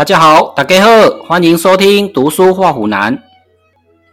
大家好，大家好，歡迎收聽《讀書畫虎難》。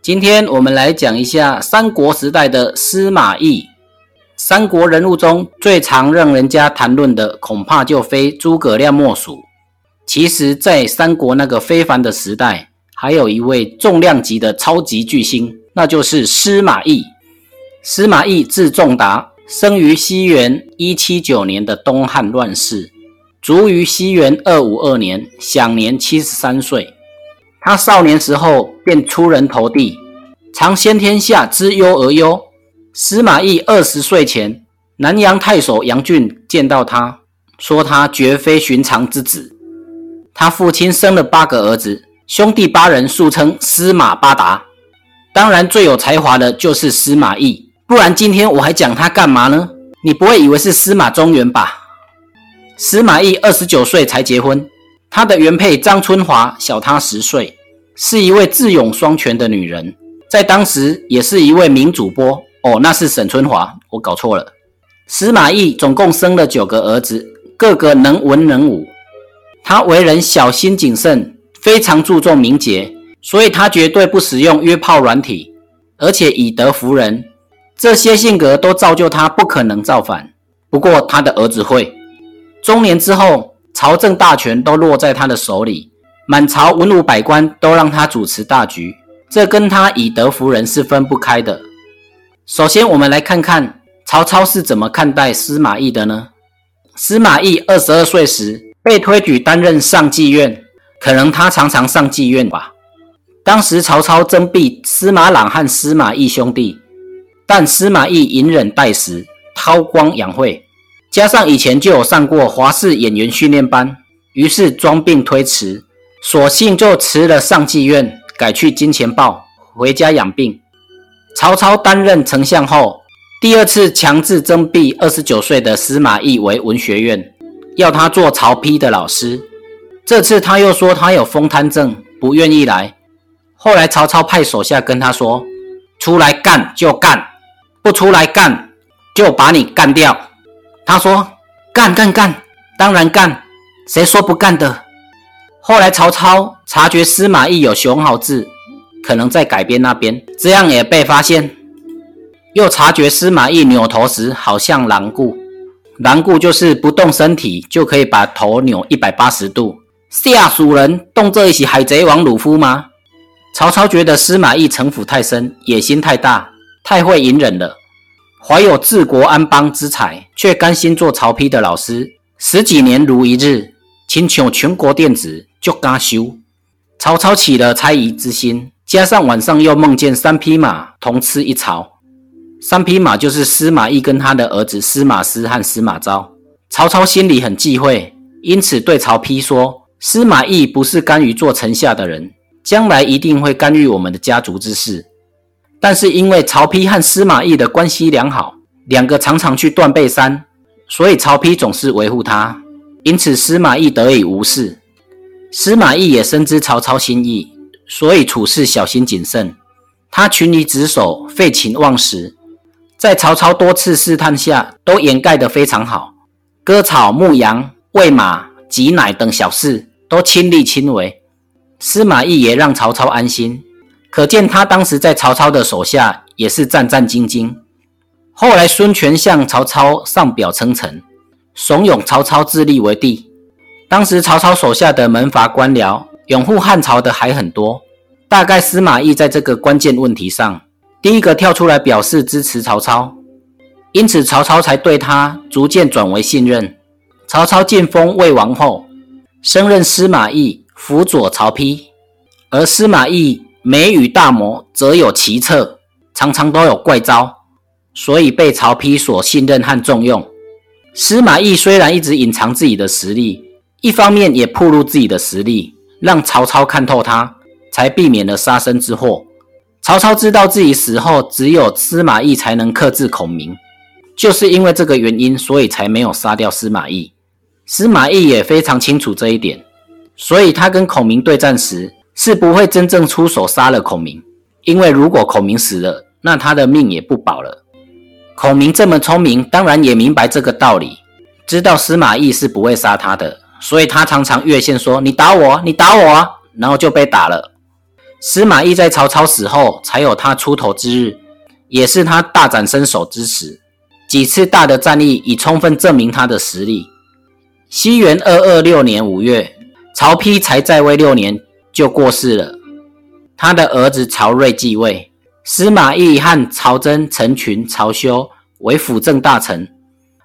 今天我們來講一下三國時代的司馬懿。三國人物中最常讓人家談論的，恐怕就非諸葛亮莫屬。其實，在三國那個非凡的時代，還有一位重量級的超級巨星，那就是司馬懿。司馬懿字仲達，生於西元一七九年的東漢亂世。卒於西元二五二年，享年七十三歲。他少年時候便出人頭地，常先天下之憂而憂。司馬懿二十歲前，南陽太守楊俊見到他，說他絕非尋常之子。他父親生了八個兒子，兄弟八人，素稱司馬八達。當然，最有才華的就是司馬懿，不然今天我還講他幹嘛呢？你不會以為是司馬中原吧？司馬懿二十九歲才結婚，他的原配張春華小他十歲，是一位智勇雙全的女人，在當時也是一位名主播，哦，那是沈春華，我搞錯了。司馬懿總共生了九個兒子，個個能文能武。他為人小心謹慎，非常注重名節，所以他絕對不使用約炮軟體，而且以德服人，這些性格都造就他不可能造反。不過他的兒子會。中年之後，朝政大權都落在他的手裡，滿朝文武百官都讓他主持大局，這跟他以德服人是分不開的。首先，我們來看看曹操是怎麼看待司馬懿的呢？司馬懿二十二歲時被推舉擔任上計掾，可能他常常上妓院吧。當時曹操徵辟司馬朗和司馬懿兄弟，但司馬懿隱忍待時，韜光養晦。加上以前就有上過華視演員訓練班，於是裝病推辭，索性就辭了上妓院，改去金錢豹，回家養病。曹操擔任丞相後，第二次強制徵辟二十九歲的司馬懿為文學院，要他做曹丕的老師。這次他又說他有風癱症，不願意來。後來曹操派手下跟他說：“出來幹就幹，不出來幹就把你幹掉。”他說：“幹幹幹，當然幹，誰說不幹的？”後來曹操察覺司馬懿有雄豪志，可能在改編那邊，這樣也被發現。又察覺司馬懿扭頭時好像狼顧，狼顧就是不動身體就可以把頭扭一百八十度。下屬人動這一起《海賊王》魯夫嗎？曹操覺得司馬懿城府太深，野心太大，太會隱忍了。懷有治國安邦之才，卻甘心做曹丕的老師，十幾年如一日，請求全國電子，就敢修。曹操起了猜疑之心，加上晚上又夢見三匹馬同吃一槽，三匹馬就是司馬懿跟他的兒子司馬師和司馬昭。曹操心裡很忌諱，因此對曹丕說：“司馬懿不是甘於做臣下的人，將來一定會干預我們的家族之事。”但是因為曹丕和司馬懿的關係良好，兩個常常去斷背山，所以曹丕總是維護他，因此司馬懿得以無事。司馬懿也深知曹操心意，所以處事小心謹慎。他勤於職守，廢寢忘食，在曹操多次試探下都掩蓋得非常好。割草、牧羊、餵馬、擠奶等小事都親力親為，司馬懿也讓曹操安心。可見他當時在曹操的手下也是戰戰兢兢。後來孫權向曹操上表稱臣，慫恿曹操自立為帝。當時曹操手下的門閥官僚擁護漢朝的還很多，大概司馬懿在這個關鍵問題上第一個跳出來表示支持曹操，因此曹操才對他逐漸轉為信任。曹操進封魏王後，升任司馬懿輔佐曹丕，而司馬懿。每與大謀則有奇策，常常都有怪招，所以被曹丕所信任和重用。司馬懿雖然一直隱藏自己的實力，一方面也暴露自己的實力，讓曹操看透他，才避免了殺身之禍。曹操知道自己死後，只有司馬懿才能克制孔明，就是因為這個原因，所以才沒有殺掉司馬懿。司馬懿也非常清楚這一點，所以他跟孔明對戰時。是不會真正出手殺了孔明，因為如果孔明死了，那他的命也不保了。孔明這麼聰明，當然也明白這個道理，知道司馬懿是不會殺他的，所以他常常越線說：“你打我，你打我啊。”然後就被打了。司馬懿在曹操死後才有他出頭之日，也是他大展身手之時。幾次大的戰役已充分證明他的實力。西元二二六年五月，曹丕才在位六年。就過世了。他的兒子曹睿繼位，司馬懿和曹真、陳群、曹休為輔政大臣。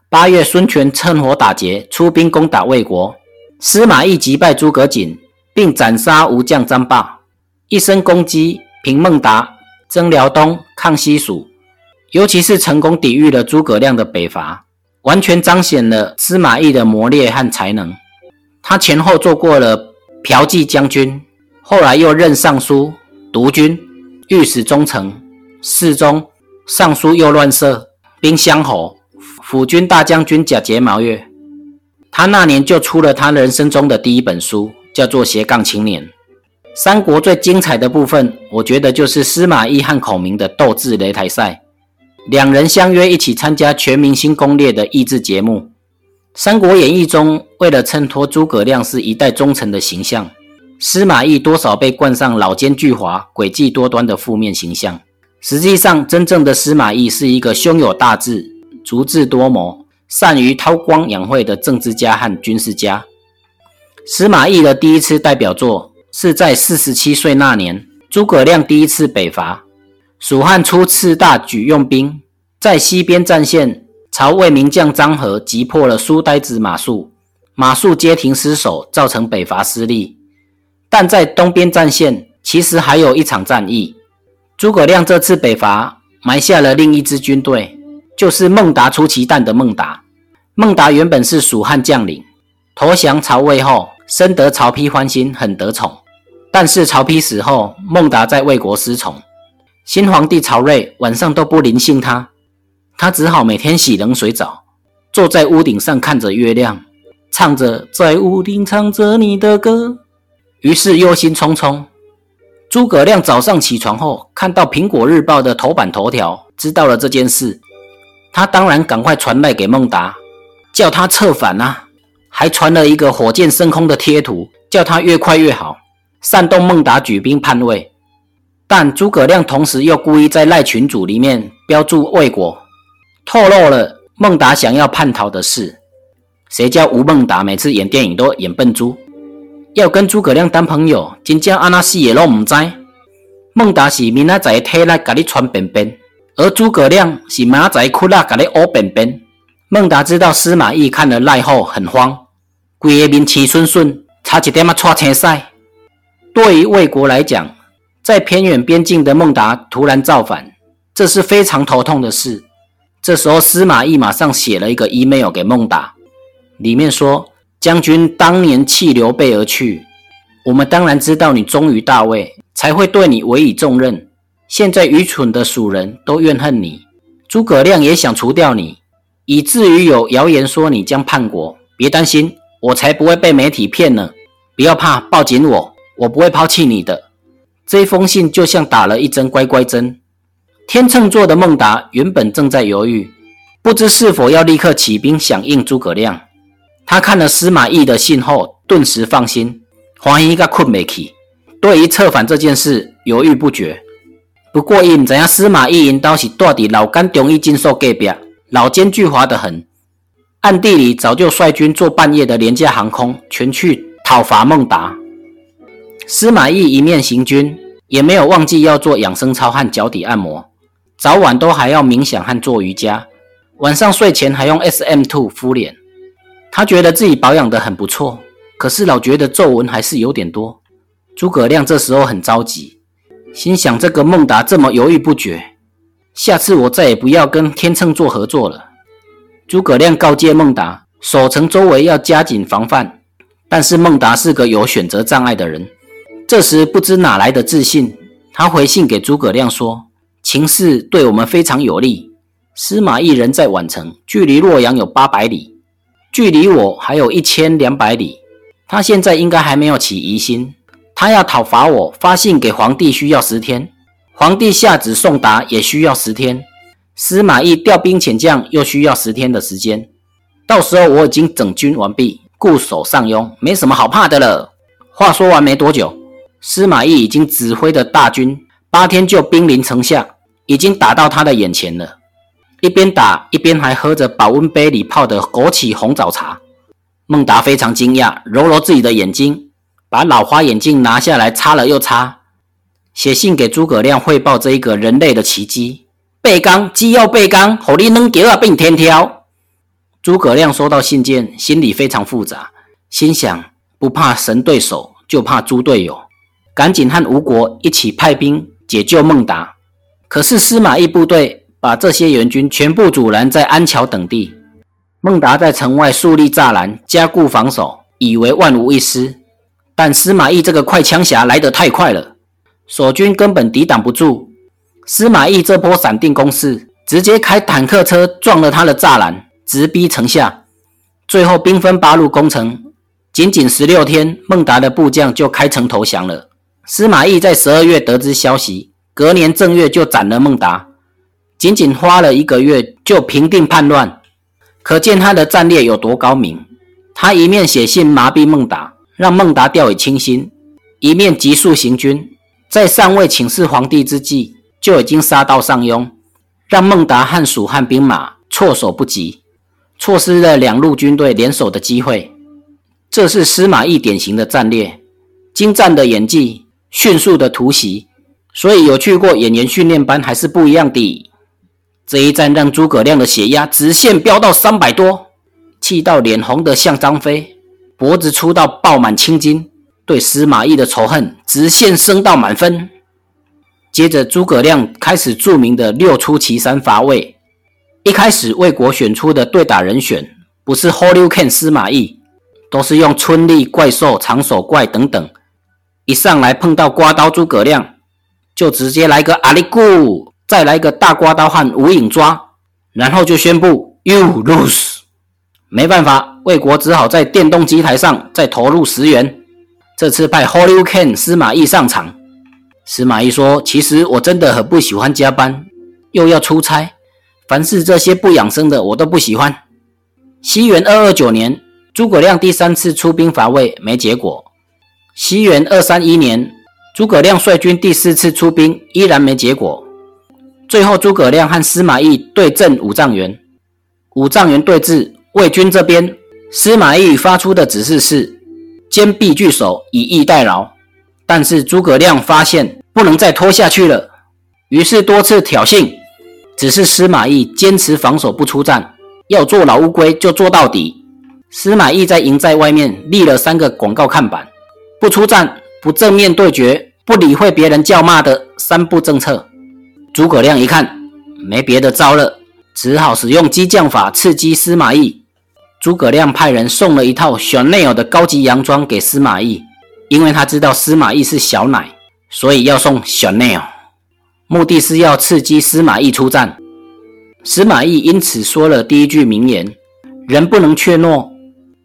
八月，孫權趁火打劫，出兵攻打魏國。司馬懿擊敗諸葛瑾，並斬殺吳將張霸。一生功績平孟達、征遼東、抗西蜀，尤其是成功抵禦了諸葛亮的北伐，完全彰顯了司馬懿的謀略和才能。他前後做過了驃騎將軍。後來又任尚書、督軍、御史中丞、侍中。尚書右僕射，兵相侯、撫軍大將軍假節毛越。他那年就出了他人生中的第一本書，叫做《斜槓青年》。三國最精彩的部分，我覺得就是司馬懿和孔明的鬥智擂台賽。兩人相約一起參加全明星攻略的益智節目。《三國演義》中，為了襯托諸葛亮是一代忠臣的形象。司馬懿多少被冠上老奸巨猾、詭計多端的負面形象。實際上，真正的司馬懿是一個胸有大志、足智多謀、善於韜光養晦的政治家和軍事家。司馬懿的第一次代表作是在四十七歲那年，諸葛亮第一次北伐，蜀漢初次大舉用兵，在西邊戰線，曹魏名將張郃擊破了書呆子馬謖，馬謖街亭失守，造成北伐失利。但在東邊戰線，其實還有一場戰役。諸葛亮這次北伐，埋下了另一支軍隊，就是孟達出奇蛋的孟達。孟達原本是蜀漢將領，投降曹魏後，深得曹丕歡心，很得寵。但是曹丕死後，孟達在魏國失寵，新皇帝曹睿晚上都不臨幸他，他只好每天洗冷水澡，坐在屋頂上看着月亮，唱着在屋頂唱着你的歌。於是憂心忡忡。諸葛亮早上起床後，看到《蘋果日報》的頭版頭條，知道了這件事。他當然趕快傳來給孟達，叫他策反啊，還傳了一個火箭升空的貼圖，叫他越快越好，煽動孟達舉兵叛魏。但諸葛亮同時又故意在賴群組裡面標注魏國，透露了孟達想要叛逃的事。誰叫吳孟達每次演電影都演笨豬？要跟諸葛亮當朋友，真正安那西也攏不知。孟達是明仔載來甲你穿便便，而諸葛亮是明仔哭來甲你烏便便。孟達知道司馬懿看了賴後很慌，規個面青順順，差一點仔帶青屎。對於魏國來講，在偏遠邊境的孟達突然造反，這是非常頭痛的事。這時候司馬懿馬上寫了一個 email 給孟達，裡面說。將軍當年棄劉備而去，我們當然知道你忠於大魏，才會對你委以重任。現在愚蠢的蜀人都怨恨你，諸葛亮也想除掉你，以至於有謠言說你將叛國。別擔心，我才不會被媒體騙呢。不要怕，抱緊我，我不會拋棄你的。這封信就像打了一針乖乖針。天秤座的孟達原本正在猶豫，不知是否要立刻起兵響應諸葛亮。他看了司馬懿的信後，頓時放心，歡喜到睏袂去，對於策反這件事猶豫不決。不過伊毋知影司馬懿伊都是待在老甘中醫診所隔壁，老奸巨猾得很，暗地裡早就率軍坐半夜的廉價航空，全去討伐孟達。司馬懿一面行軍，也沒有忘記要做養生操和腳底按摩，早晚都還要冥想和做瑜伽，晚上睡前還用 S M Two 敷臉。他覺得自己保養得很不錯，可是老覺得皺紋還是有點多。諸葛亮這時候很着急，心想：這個孟達這麼猶豫不決，下次我再也不要跟天秤座合作了。諸葛亮告誡孟達，守城周圍要加緊防範。但是孟達是個有選擇障礙的人，這時不知哪來的自信，他回信給諸葛亮說：“情勢對我們非常有利，司馬懿人在宛城，距離洛陽有八百里。”距離我還有一千兩百里，他現在應該還沒有起疑心。他要討伐我，發信給皇帝需要十天，皇帝下旨送達也需要十天，司馬懿調兵遣將又需要十天的時間。到時候我已經整軍完畢，固守上庸，沒什麼好怕的了。話說完沒多久，司馬懿已經指揮著大軍八天就兵臨城下，已經打到他的眼前了。一邊打一邊還喝着保溫杯裡泡的枸杞紅棗茶，孟達非常驚訝，揉揉自己的眼睛，把老花眼鏡拿下來擦了又擦，寫信給諸葛亮匯報這一個人類的奇迹。背干，雞肉背、背干、啊，火力能給二并天挑。諸葛亮收到信件，心裡非常複雜，心想不怕神對手，就怕豬隊友，趕緊和吳國一起派兵解救孟達。可是司馬懿部隊。把這些援軍全部阻攔在安橋等地。孟達在城外樹立柵欄，加固防守，以為萬無一失。但司馬懿這個快槍俠來得太快了，守軍根本抵擋不住。司馬懿這波閃電攻勢，直接開坦克車撞了他的柵欄，直逼城下。最後兵分八路攻城，僅僅十六天，孟達的部將就開城投降了。司馬懿在十二月得知消息，隔年正月就斬了孟達。僅僅花了一個月就平定叛亂，可見他的戰略有多高明。他一面寫信麻痹孟達，讓孟達掉以輕心；一面急速行軍，在尚未請示皇帝之際，就已經殺到上庸，讓孟達和蜀漢兵馬措手不及，錯失了兩路軍隊聯手的機會。這是司馬懿典型的戰略，精湛的演技，迅速的突襲，所以有去過演員訓練班還是不一樣的。這一戰讓諸葛亮的血壓直線飆到三百多，氣到臉紅得像張飛，脖子粗到爆滿青筋，對司馬懿的仇恨直線升到滿分。接着，諸葛亮開始著名的六出祁山伐魏。一開始，魏國選出的對打人選不是 HOLY CANE 司馬懿，都是用春麗怪獸、長手怪等等。一上來碰到刮刀諸葛亮，就直接來個阿里咕。再來個大颳刀和無影抓，然後就宣布 you lose。沒辦法，魏國只好在電動機台上再投入十元。這次派 Shoryuken 司馬懿上場。司馬懿說：“其實我真的很不喜歡加班，又要出差，凡是這些不養生的，我都不喜歡。”西元二二九年，諸葛亮第三次出兵伐魏，沒結果。西元二三一年，諸葛亮率軍第四次出兵，依然沒結果。最後，諸葛亮和司馬懿對陣五丈原。五丈原對峙，魏軍這邊，司馬懿發出的指示是“堅壁拒守，以逸待勞”。但是諸葛亮發現不能再拖下去了，於是多次挑釁。只是司馬懿堅持防守不出戰，要做老烏龜就做到底。司馬懿在營寨外面立了三個廣告看板：“不出戰，不正面對決，不理會別人叫罵”的三不政策。諸葛亮一看沒別的招了，只好使用激將法刺激司馬懿。諸葛亮派人送了一套小內 l 的高級洋裝給司馬懿，因為他知道司馬懿是小奶，所以要送小內 l 目的是要刺激司馬懿出戰。司馬懿因此說了第一句名言：“人不能怯懦，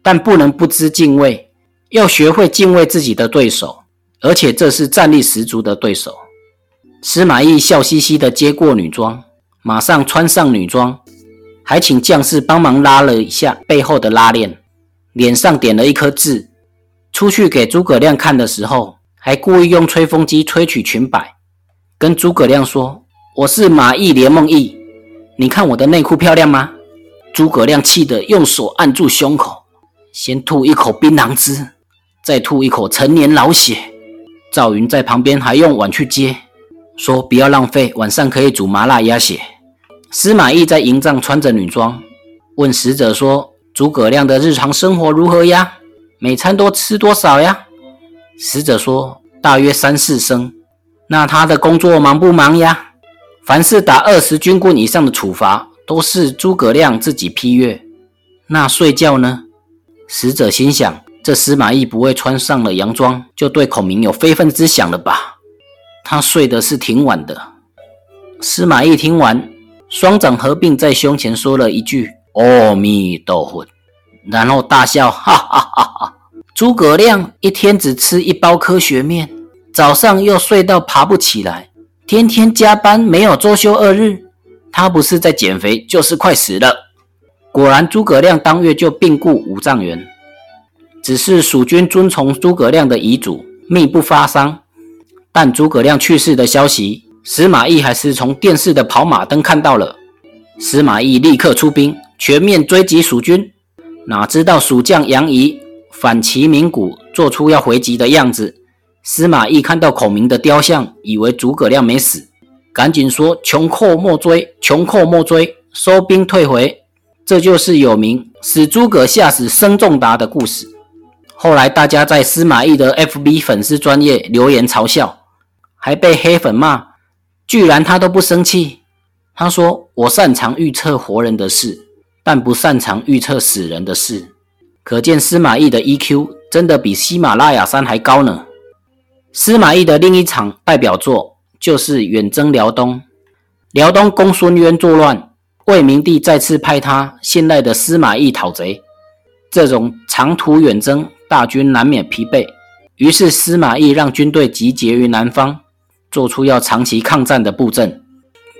但不能不知敬畏，要學會敬畏自己的對手，而且這是戰力十足的對手。”司馬懿笑嘻嘻地接過女裝，馬上穿上女裝，還請將士幫忙拉了一下背後的拉鏈，臉上點了一顆痣。出去給諸葛亮看的時候，還故意用吹風機吹起裙擺，跟諸葛亮說：“我是馬懿蓮夢意，你看我的內褲漂亮嗎？”諸葛亮氣得用手按住胸口，先吐一口檳榔汁，再吐一口陳年老血。趙雲在旁邊還用碗去接。說不要浪費，晚上可以煮麻辣鴨血。司馬懿在營帳穿着女裝，問使者說：“諸葛亮的日常生活如何呀？每餐都吃多少呀？”使者說：“大約三四升。”那他的工作忙不忙呀？凡是打二十軍棍以上的處罰，都是諸葛亮自己批閱。那睡覺呢？使者心想：這司馬懿不會穿上了洋裝，就對孔明有非分之想了吧？他睡的是挺晚的。司馬懿聽完，雙掌合併在胸前，說了一句“阿彌陀佛”，然後大笑，哈哈哈哈！諸葛亮一天只吃一包科學麵，早上又睡到爬不起來，天天加班沒有周休二日，他不是在減肥，就是快死了。果然，諸葛亮當月就病故五丈原。只是蜀軍遵從諸葛亮的遺囑，祕不發喪。但諸葛亮去世的消息，司馬懿還是從電視的跑馬燈看到了。司馬懿立刻出兵，全面追擊蜀軍。哪知道蜀將楊儀反旗鳴鼓，做出要回擊的樣子。司馬懿看到孔明的雕像，以為諸葛亮沒死，趕緊說：“窮寇莫追，窮寇莫追，收兵退回。”這就是有名死諸葛嚇死生仲達的故事。後來大家在司馬懿的 FB 粉絲專頁留言嘲笑。還被黑粉罵，居然他都不生氣。他說：“我擅長預測活人的事，但不擅長預測死人的事。”可見司馬懿的 EQ 真的比喜馬拉雅山還高呢。司馬懿的另一場代表作就是遠征遼東。遼東公孫淵作亂，魏明帝再次派他（現在的司馬懿）討賊。這種長途遠征，大軍難免疲憊，於是司馬懿讓軍隊集結於南方。做出要長期抗戰的布陣，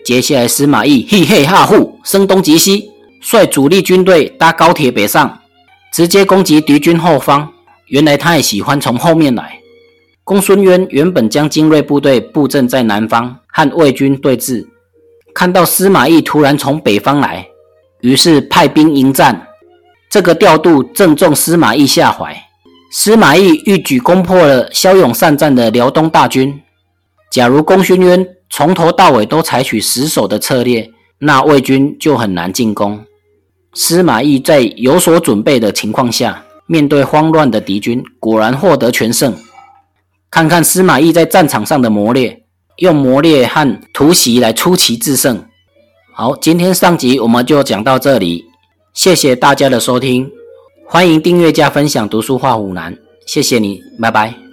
接下來司馬懿嘿嘿哈呼聲東擊西，率主力軍隊搭高鐵北上，直接攻擊敵軍後方。原來他也喜歡從後面來。公孫淵原本將精銳部隊布陣在南方和魏軍對峙，看到司馬懿突然從北方來，於是派兵迎戰。這個調度正中司馬懿下懷，司馬懿一舉攻破了驍勇善戰的遼東大軍。假如公孫淵從頭到尾都採取死守的策略，那魏軍就很難進攻。司馬懿在有所準備的情況下，面對慌亂的敵軍，果然獲得全勝。看看司馬懿在戰場上的磨練，用磨練和突襲來出奇制勝。好，今天上集我們就講到這裡，謝謝大家的收聽，歡迎訂閱加分享《讀書話五南》，謝謝你，拜拜。